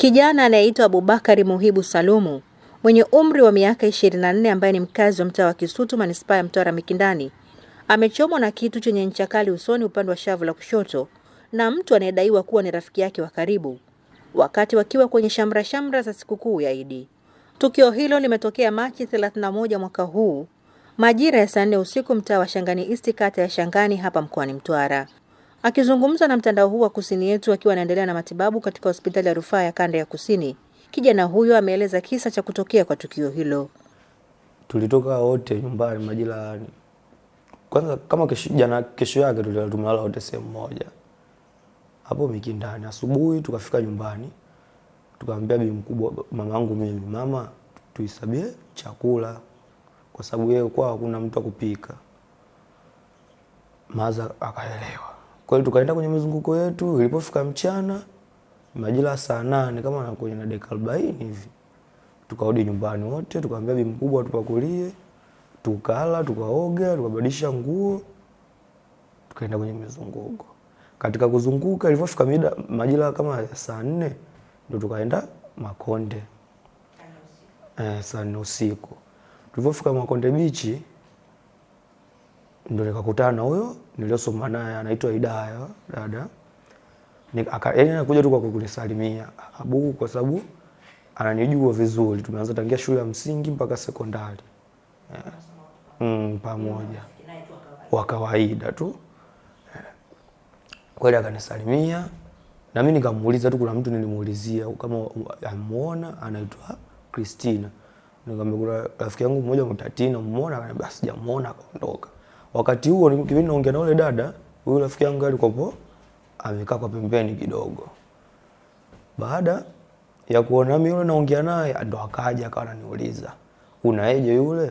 Kijana anayeitwa Abubakari Muhibu Salumu mwenye umri wa miaka 24 ambaye ni mkazi wa mtaa wa Kisutu manispaa ya Mtwara Mikindani amechomwa na kitu chenye ncha kali usoni upande wa shavu la kushoto na mtu anayedaiwa kuwa ni rafiki yake wa karibu wakati wakiwa kwenye shamra shamra za sikukuu ya Idi. Tukio hilo limetokea Machi 31 mwaka huu majira ya saa nne usiku mtaa wa Shangani East kata ya Shangani hapa mkoani Mtwara. Akizungumza na mtandao huu wa Kusini Yetu akiwa anaendelea na matibabu katika hospitali ya rufaa ya kanda ya Kusini, kijana huyo ameeleza kisa cha kutokea kwa tukio hilo. Tulitoka wote nyumbani majira kwanza, kama kesho, jana kesho yake tumelala wote sehemu moja hapo Mikindani. Asubuhi tukafika nyumbani, tukaambia bi mkubwa, mama yangu mimi, mama, tuisabie chakula kwa sababu yeye kwao hakuna mtu akupika. Maza akaelewa kwa hiyo tukaenda kwenye mizunguko yetu, ilipofika mchana majira saa nane kama na kwenye na dakika 40 hivi tukarudi nyumbani wote, tukaambia bi mkubwa tupakulie, tukala, tukaoga, tukabadilisha nguo, tukaenda kwenye mizunguko. Katika kuzunguka ilipofika mida majira kama saa nne ndo tukaenda Makonde eh, saa nne usiku tulipofika Makonde bichi ndo nikakutana na huyo niliosoma naye anaitwa Idaya dada. Yaani anakuja tu kwa kunisalimia Abu kwa sababu ananijua vizuri. Tumeanza tangia shule ya msingi mpaka sekondari. Yeah. Mm, pamoja. Wa kawaida tu. Yeah. Kweli akanisalimia na mimi nikamuuliza tu, kuna mtu nilimuulizia kama amuona anaitwa Christina. Nikamwambia rafiki yangu mmoja mtatina mmona, basi jamuona akaondoka. Wakati huo nilikuwa naongea na yule dada, huyu rafiki yangu alikuwa amekaa kwa pembeni kidogo. Baada ya kuona mimi yule naongea naye, ndo akaja akawa ananiuliza, unaeje yule?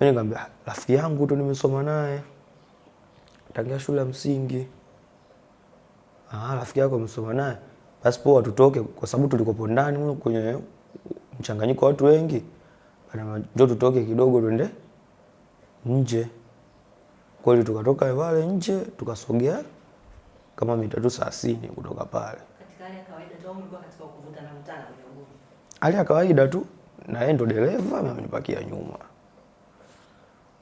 Mimi nikamwambia rafiki yangu tu nimesoma naye tangia shule ya msingi. Ah, rafiki yako umesoma naye? Basi poa, tutoke kwa sababu tulikopo ndani kwenye mchanganyiko wa watu wengi. Njoo tutoke kidogo twende nje kweli, tukatoka pale nje tukasogea kama mita tu thelathini kutoka pale. Hali ya kawaida tu, na yeye ndo dereva, mimi nipakia nyuma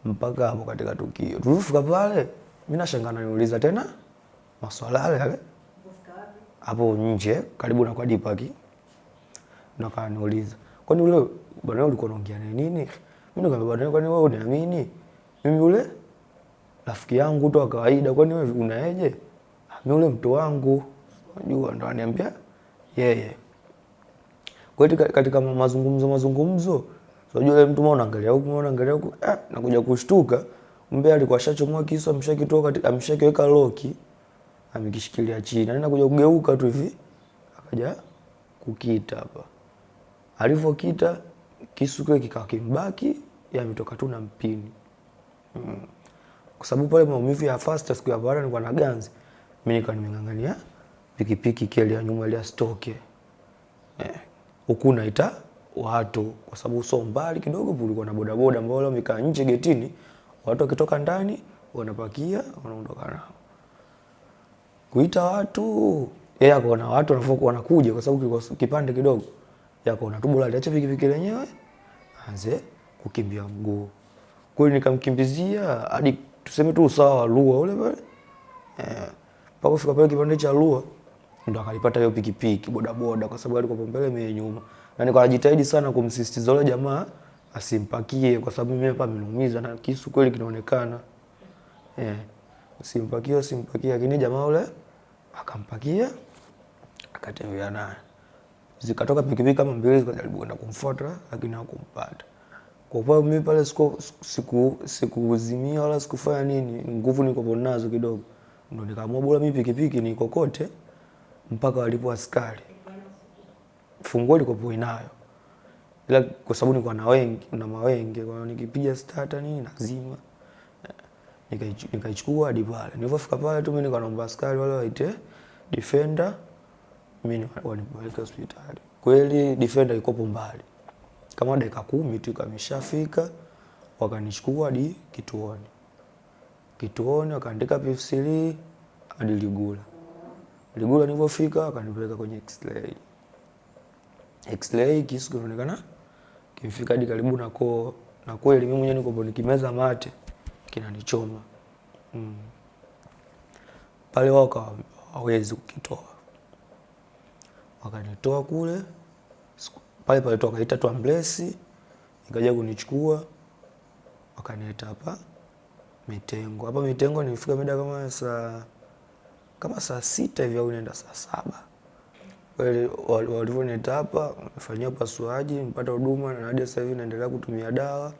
mpaka hapo katika tukio tulifika pale, mimi nashangana, niuliza tena maswala yale yale hapo nje karibu na kwa dipaki, na kaniuliza, kwani ule bwana ulikuwa unaongea nini? Mimi nikamwambia bwana, kwani wewe uniamini? mimi yule rafiki yangu tu wa kawaida, kwani wewe unaeje? Mimi yule mtu wangu, unajua, ndo ananiambia yeye. Kwa hiyo katika mazungumzo mazungumzo, unajua yule mtu mmoja angalia huko, angalia huko, eh, ah, nakuja kushtuka mbe alikuwa ashachomoa kisu, amshakitoa katika, amshakiweka loki, amekishikilia chini, na yaani nakuja kugeuka tu hivi, akaja kukita hapa. Alivyokita kisu kile kikawa kimbaki, yametoka tu na mpini. Kwa sababu pale maumivu ya fast siku ya baada nilikuwa na ganzi. Mimi nika nimeng'ang'ania pikipiki kile ya nyuma ile stoke Eh. Huku naita watu kwa sababu sio mbali kidogo kulikuwa na bodaboda ambao leo mika nje getini, watu wakitoka ndani wanapakia wanaondoka nao. Kuita watu yeye yeah, akaona watu wanafuku wanakuja kwa sababu kilikuwa kipande kidogo. yako na bora aliacha pikipiki lenyewe anze kukimbia mguu kweli, nikamkimbizia hadi tuseme tu usawa wa Lua ule pale eh, mpaka fika pale kipande cha Lua ndo akalipata hiyo pikipiki bodaboda, kwa sababu alikuwa mbele mie nyuma, na nilikuwa najitahidi sana kumsisitiza yule jamaa asimpakie, kwa sababu mimi hapa ameniumiza na kisu kweli kinaonekana eh, usimpakie usimpakie, lakini jamaa ule akampakia, akatembea naye, zikatoka pikipiki kama mbili, zikajaribu kwenda kumfuata, lakini hakumpata. Kwa kuwa mimi pale sikuzimia siku siku wala sikufanya nini, nguvu niko nazo kidogo, ndo nikaamua bora mimi pikipiki nikokote mpaka walipo askari. Funguo likopo nayo, ila kwa sababu nilikuwa na wengi na mawengi, kwa hiyo nikipiga starter nini nazima nikaichukua hadi pale. Nilipofika pale tu mimi nikaomba askari wale waite defender, mimi wanipeleka hospitali. Kweli defender ikopo mbali kama dakika kumi tu kameshafika, wakanichukua hadi kituoni. Kituoni wakaandika PFC hadi Ligula. Ligula nilipofika wakanipeleka kwenye X-ray. X-ray kisu kinaonekana kimfika hadi karibu na koo, na kweli mimi mwenyewe niko nikimeza mate kinanichoma. Mm. Pale wao hawezi kukitoa, wakanitoa kule pale pale toka ita tu ambulensi ikaja kunichukua wakaniita hapa Mitengo. Hapa Mitengo nilifika mida kama saa kama saa sita hivi au nenda saa saba walivyonileta hapa, nifanyia upasuaji, nipata huduma na hadi sasa hivi naendelea kutumia dawa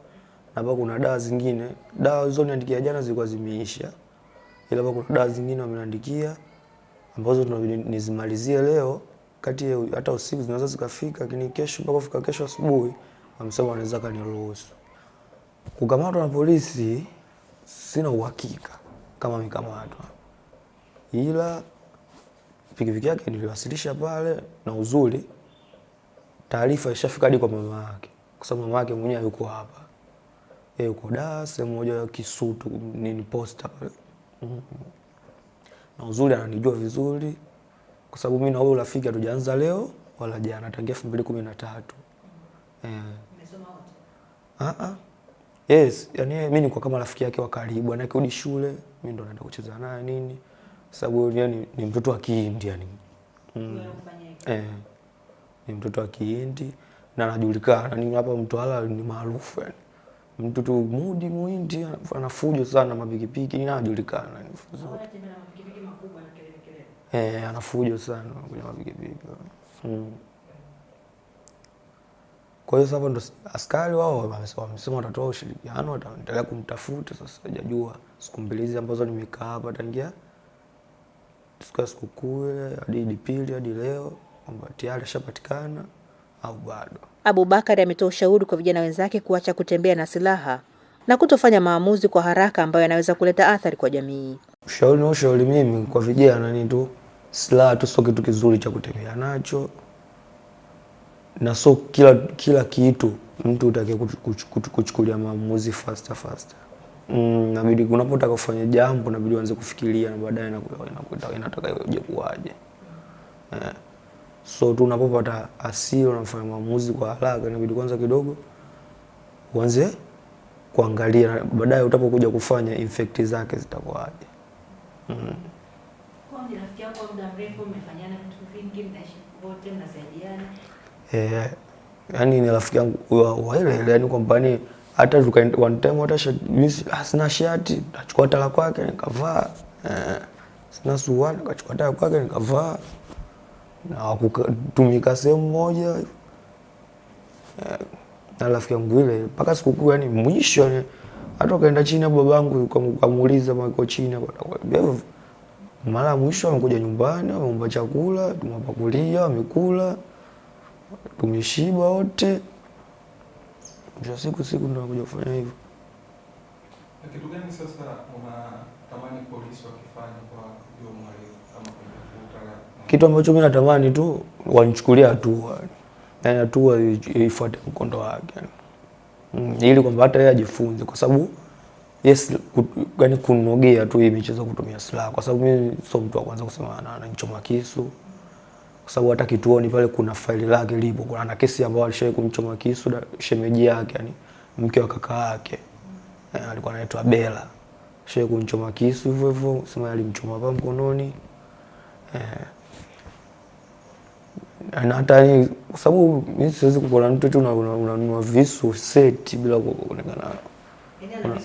na hapa kuna dawa zingine. Dawa hizo niandikia jana zilikuwa zimeisha, ila hapa kuna dawa zingine wameniandikia ambazo nizimalizie leo kati ya hata usiku zinaweza zikafika, lakini kesho mpaka kufika kesho asubuhi amsema wanaweza kaniruhusu. Kukamatwa na polisi, sina uhakika kama mikamatwa, ila pikipiki yake niliwasilisha pale, na uzuri taarifa ishafika hadi kwa mama yake, kwa sababu mama yake mwenyewe yuko hapa, yeye yuko da sehemu moja ya Kisutu nini posta pale, mhm. na uzuri ananijua vizuri kwa sababu mimi na wewe urafiki hatujaanza leo wala jana, tangia 2013 eh Ah ah. Yes, yani mimi nilikuwa kama rafiki yake wa karibu, na anakirudi shule, mimi ndo naenda kucheza naye nini. Sababu yani ni ni mtoto wa Kihindi yani. Mm. Eh. Ni mtoto wa Kihindi na anajulikana ni hapa Mtwara ni maarufu yani. Mtu tu mudi muhindi anafujo sana mapikipiki ni anajulikana. Ni fuzo. Anatembea na mapikipiki makubwa. Eh, anafujo sana kwenye mapigipigo. Mm. Kwa hiyo sasa ndo askari wao wamesema watatoa ushirikiano, wataendelea kumtafuta. Sasa sijajua siku mbili hizi ambazo nimekaa hapa tangia siku ya sikukuu ile hadi Jumapili hadi leo kwamba tayari ashapatikana au bado. Abubakari ametoa ushauri kwa vijana wenzake kuacha kutembea na silaha na kutofanya maamuzi kwa haraka ambayo yanaweza kuleta athari kwa jamii. Ushauri na ushauri mimi kwa vijana ni tu silaha tu sio kitu kizuri cha kutembea nacho, na so kila, kila kitu mtu utakiwa kuchukulia maamuzi faster faster. Mm, nabidi unapotaka kufanya jambo nabidi uanze kufikiria na baadaye inataka uje kuwaje. Eh. So tu unapopata asili unafanya maamuzi kwa haraka, inabidi kwanza kidogo uanze kuangalia, baadaye utapokuja kufanya infekti zake zitakuwaje. Mm ni rafiki yako muda mrefu, mmefanyana vitu vingi, mnaishi wote, mnasaidiana. Eh, yani ni rafiki yangu wa ile yani kwamba ni yaani hata tukaenda one time hata mimi ah, sina shati, nachukua tala kwake nikavaa. Eh, sina suruali, nikachukua tala kwake nikavaa. Na kutumika sehemu moja. Eh, na rafiki yangu ile mpaka sikukuu yani mwisho yani hata ukaenda China babangu ukamuuliza mako China, akakwambia mara ya mwisho wamekuja nyumbani, wamempa chakula, tumapakulia wamekula, tumeshiba wote. Mwisho siku siku ndo wanakuja kufanya hivyo. Kitu gani sasa unatamani polisi wakifanya kwa huyo mhalifu kama Kitu ambacho mimi natamani tu wanichukulia hatua, yaani hatua ifuate mkondo wake, mm, ili kwamba hata yeye ajifunze kwa sababu yes, yaani kunogea tu hii michezo kutumia silaha, kwa sababu mimi sio mtu wa kwanza kusema ananichoma kisu, kwa sababu hata kituoni pale kuna faili lake lipo, kuna na kesi ambayo alishawahi kumchoma kisu shemeji yake, yani mke wa kaka yake eh, alikuwa anaitwa Bella, shawahi kumchoma kisu hivyo hivyo, sema alimchoma hapa mkononi eh, na hata ni kwa sababu mimi siwezi kukula mtu tu unanunua visu seti bila kuonekana Yaani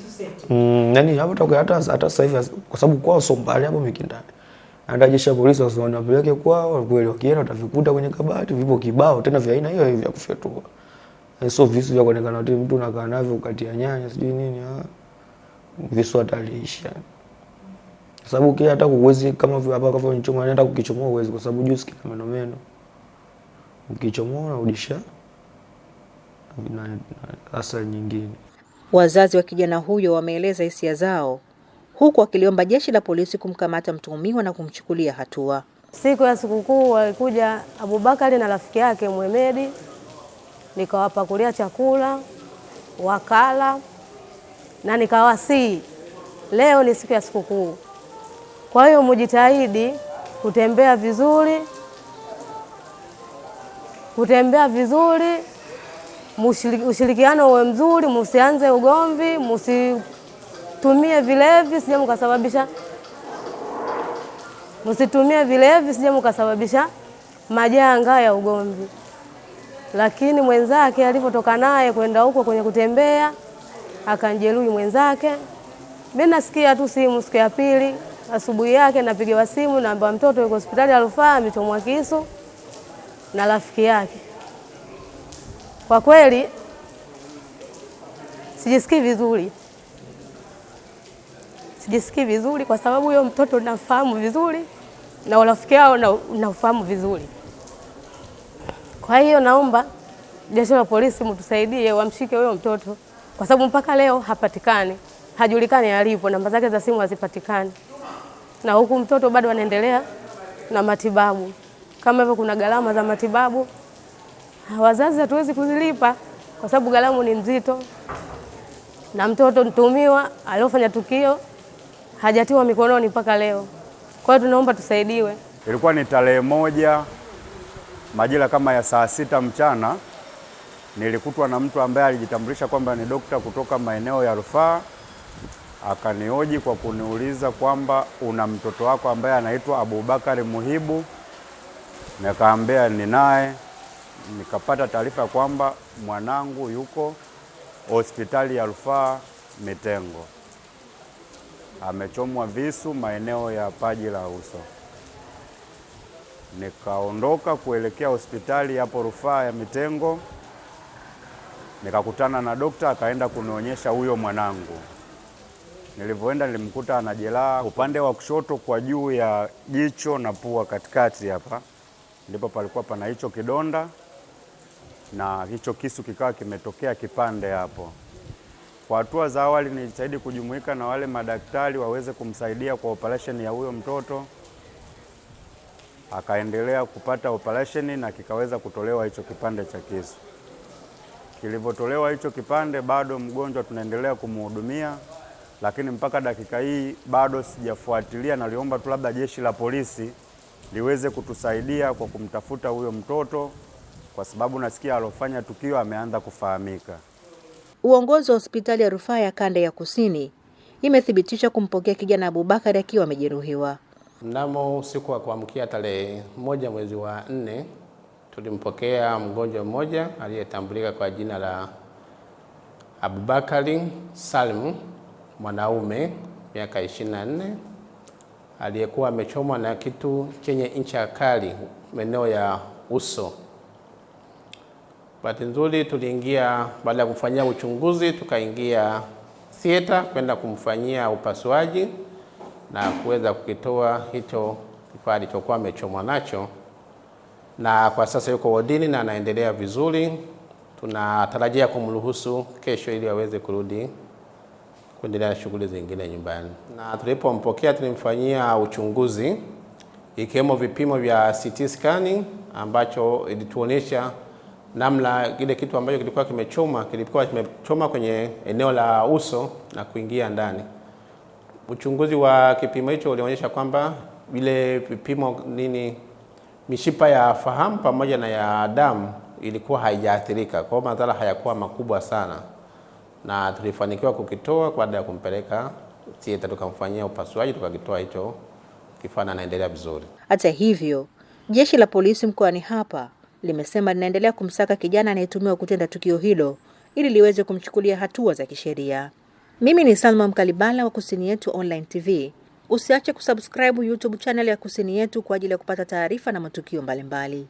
mm, mm yani toka hata hata sasa hivi kwa sababu kwao sio mbali hapo Mikindani. Hata jeshi la polisi wasione wapeleke kwao kweli, wakienda watavikuta kwenye kabati, vipo kibao tena vya aina hiyo hiyo vya kufyatua. Eh, sio visu vya kuonekana tu mtu anakaa navyo kati ya nyanya sijui nini ah. Visu ataliisha. Yaani. Kwa sababu kia hata kuwezi kama vile hapa kwa mchoma anaenda kukichomoa uwezi kwa sababu juice kina meno meno. Ukichomoa unarudisha na asa nyingine. Wazazi wa kijana huyo wameeleza hisia zao huku wakiliomba jeshi la polisi kumkamata mtuhumiwa na kumchukulia hatua. Siku ya sikukuu walikuja Abubakari na rafiki yake Mwemedi, nikawapakulia chakula wakala, na nikawasii leo ni siku ya sikukuu, kwa hiyo mujitahidi kutembea vizuri, kutembea vizuri ushirikiano uwe mzuri, musianze ugomvi, msitumie vilevi sije mkasababisha msitumie vilevi sije mkasababisha majanga ya ugomvi. Lakini mwenzake alivyotoka naye kwenda huko kwenye kutembea akanjeruhi mwenzake. Mimi nasikia tu simu, siku ya pili asubuhi yake napigiwa simu, naambiwa mtoto yuko hospitali ya rufaa amechomwa kisu na rafiki yake. Kwa kweli sijisikii vizuri, sijisikii vizuri kwa sababu huyo mtoto nafahamu vizuri na urafiki wao naufahamu vizuri. Kwa hiyo naomba jeshi la polisi mtusaidie, wamshike huyo mtoto kwa sababu mpaka leo hapatikani, hajulikani alipo, namba zake za simu hazipatikani, na huku mtoto bado anaendelea na matibabu. Kama hivyo kuna gharama za matibabu wazazi hatuwezi kuzilipa kwa sababu gharama ni nzito, na mtoto mtumiwa aliofanya tukio hajatiwa mikononi mpaka leo. Kwa hiyo tunaomba tusaidiwe. Ilikuwa ni tarehe moja majira kama ya saa sita mchana nilikutwa na mtu ambaye alijitambulisha kwamba ni dokta kutoka maeneo ya rufaa, akanioji kwa kuniuliza kwamba una mtoto wako ambaye anaitwa Abubakari Muhibu. Nikaambia ninaye nikapata taarifa kwamba mwanangu yuko hospitali ya rufaa Mitengo, amechomwa visu maeneo ya paji la uso. Nikaondoka kuelekea hospitali hapo rufaa ya Mitengo, nikakutana na dokta, akaenda kunionyesha huyo mwanangu. Nilivyoenda nilimkuta ana jeraha upande wa kushoto kwa juu ya jicho na pua katikati, hapa ndipo palikuwa pana hicho kidonda na hicho kisu kikawa kimetokea kipande hapo. Kwa hatua za awali, nilijitahidi kujumuika na wale madaktari waweze kumsaidia kwa operation ya huyo mtoto. Akaendelea kupata operesheni na kikaweza kutolewa hicho kipande cha kisu. Kilivyotolewa hicho kipande, bado mgonjwa tunaendelea kumhudumia, lakini mpaka dakika hii bado sijafuatilia. Naliomba tu labda jeshi la polisi liweze kutusaidia kwa kumtafuta huyo mtoto kwa sababu nasikia alofanya tukio ameanza kufahamika. Uongozi wa hospitali ya rufaa ya kanda ya kusini imethibitisha kumpokea kijana Abubakari akiwa amejeruhiwa. Mnamo usiku wa kuamkia tarehe moja mwezi wa nne tulimpokea mgonjwa mmoja aliyetambulika kwa jina la Abubakari Salim, mwanaume miaka 24, aliyekuwa amechomwa na kitu chenye ncha kali maeneo ya uso. Bahati nzuri tuliingia baada ya kumfanyia uchunguzi, tukaingia sieta kwenda kumfanyia upasuaji na kuweza kukitoa hicho kifaa alichokuwa amechomwa nacho, na kwa sasa yuko wodini na anaendelea vizuri. Tunatarajia kumruhusu kesho ili aweze kurudi kuendelea na shughuli zingine nyumbani. Na tulipompokea tulimfanyia uchunguzi ikiwemo vipimo vya CT scanning ambacho ilituonyesha namna kile kitu ambacho kilikuwa kimechoma kilikuwa kimechoma kwenye eneo la uso na kuingia ndani. Uchunguzi wa kipimo hicho ulionyesha kwamba vile vipimo nini, mishipa ya fahamu pamoja na ya damu ilikuwa haijaathirika, kwa hiyo madhara hayakuwa makubwa sana, na tulifanikiwa kukitoa baada ya kumpeleka theater, tukamfanyia upasuaji, tukakitoa hicho kifana, anaendelea vizuri. Hata hivyo, jeshi la polisi mkoani hapa limesema linaendelea kumsaka kijana anayetumiwa kutenda tukio hilo ili liweze kumchukulia hatua za kisheria. Mimi ni Salma Mkalibala wa Kusini Yetu Online TV. Usiache kusubscribe YouTube channel ya Kusini Yetu kwa ajili ya kupata taarifa na matukio mbalimbali.